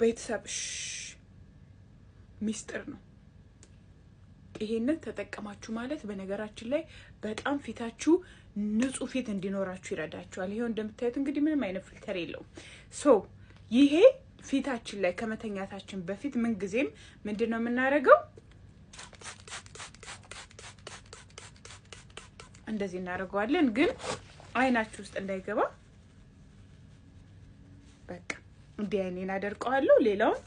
ቤተሰብ ሚስጥር ነው። ይሄንን ተጠቀማችሁ ማለት በነገራችን ላይ በጣም ፊታችሁ ንጹህ ፊት እንዲኖራችሁ ይረዳችኋል። ይሄው እንደምታዩት እንግዲህ ምንም አይነት ፊልተር የለውም። ሶ ይሄ ፊታችን ላይ ከመተኛታችን በፊት ጊዜም ምንድን ነው የምናደርገው? እንደዚህ እናደርገዋለን፣ ግን አይናችሁ ውስጥ እንዳይገባ እንዲህ አይኔን አደርቀዋለሁ። ሌላውን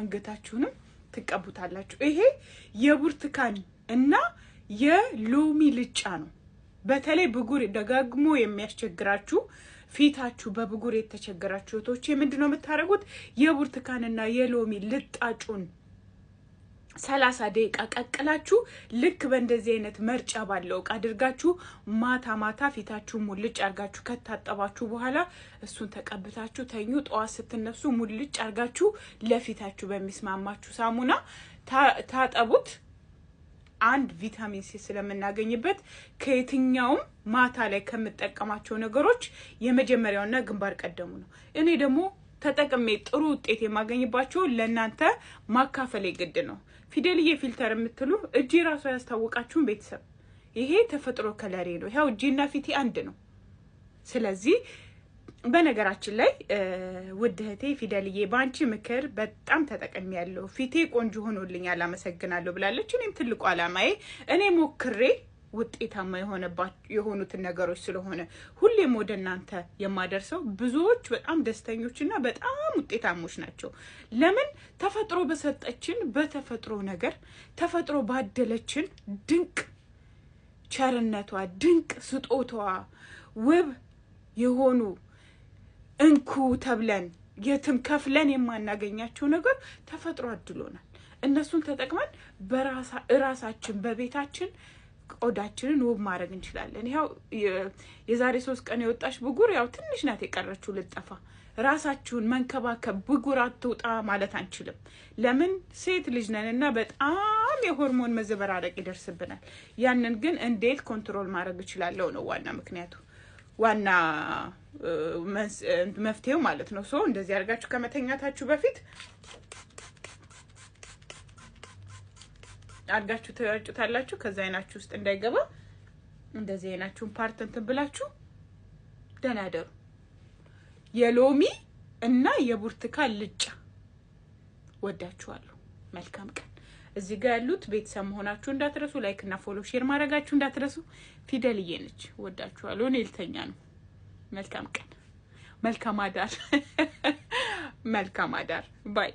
አንገታችሁንም ትቀቡታላችሁ። ይሄ የብርቱካን እና የሎሚ ልጫ ነው። በተለይ ብጉር ደጋግሞ የሚያስቸግራችሁ ፊታችሁ በብጉር የተቸገራችሁ እህቶቼ ምንድን ነው የምታደርጉት? የብርቱካንና የሎሚ ልጣጩን ሰላሳ ደቂቃ ቀቅላችሁ ልክ በእንደዚህ አይነት መርጫ ባለው እቃ አድርጋችሁ ማታ ማታ ፊታችሁ ሙልጭ አርጋችሁ ከታጠባችሁ በኋላ እሱን ተቀብታችሁ ተኙ። ጠዋት ስትነሱ ሙልጭ አርጋችሁ ለፊታችሁ በሚስማማችሁ ሳሙና ታጠቡት። አንድ ቪታሚን ሲ ስለምናገኝበት ከየትኛውም ማታ ላይ ከምጠቀማቸው ነገሮች የመጀመሪያውና ግንባር ቀደሙ ነው። እኔ ደግሞ ተጠቅሜ ጥሩ ውጤት የማገኝባቸው ለእናንተ ማካፈል የግድ ነው። ፊደልዬ ፊልተር የምትሉ እጅ ራሱ ያስታወቃችሁን ቤተሰብ ይሄ ተፈጥሮ ከለሬ ነው። ያው እጅና ፊቴ አንድ ነው። ስለዚህ በነገራችን ላይ ውድ እህቴ ፊደልዬ በአንቺ ምክር በጣም ተጠቅሚ ያለው ፊቴ ቆንጆ ሆኖልኛል አመሰግናለሁ ብላለች። እኔም ትልቁ አላማዬ እኔ ሞክሬ ውጤታማ የሆኑትን ነገሮች ስለሆነ ሁሌም ወደ እናንተ የማደርሰው ብዙዎች በጣም ደስተኞች እና በጣም ውጤታሞች ናቸው። ለምን? ተፈጥሮ በሰጠችን በተፈጥሮ ነገር ተፈጥሮ ባደለችን ድንቅ ቸርነቷ፣ ድንቅ ስጦታዋ፣ ውብ የሆኑ እንኩ ተብለን የትም ከፍለን የማናገኛቸው ነገር ተፈጥሮ አድሎናል። እነሱን ተጠቅመን በራሳችን በቤታችን ቆዳችንን ውብ ማድረግ እንችላለን። ያው የዛሬ ሶስት ቀን የወጣች ብጉር ያው ትንሽ ናት የቀረችው ልጠፋ። ራሳችሁን መንከባከብ ብጉር አትውጣ ማለት አንችልም። ለምን ሴት ልጅ ነን እና በጣም የሆርሞን መዘበራረቅ ይደርስብናል። ያንን ግን እንዴት ኮንትሮል ማድረግ እችላለሁ ነው ዋና ምክንያቱ ዋና መፍትሄው ማለት ነው። ሰው እንደዚህ አድርጋችሁ ከመተኛታችሁ በፊት አድጋችሁ ተያጩታላችሁ። ከዛ አይናችሁ ውስጥ እንዳይገባ እንደዚህ አይናችሁን ፓርት እንትን ብላችሁ ደህና ደሩ። የሎሚ እና የብርቱካን ልጫ ወዳችኋለሁ። መልካም ቀን። እዚህ ጋር ያሉት ቤተሰብ መሆናችሁ እንዳትረሱ። ላይክ እና ፎሎ ሼር ማድረጋችሁ እንዳትረሱ። ፊደልዬ ነች። ወዳችኋለሁ። እኔ ልተኛ ነው። መልካም ቀን። መልካም አዳር። መልካም አዳር ባይ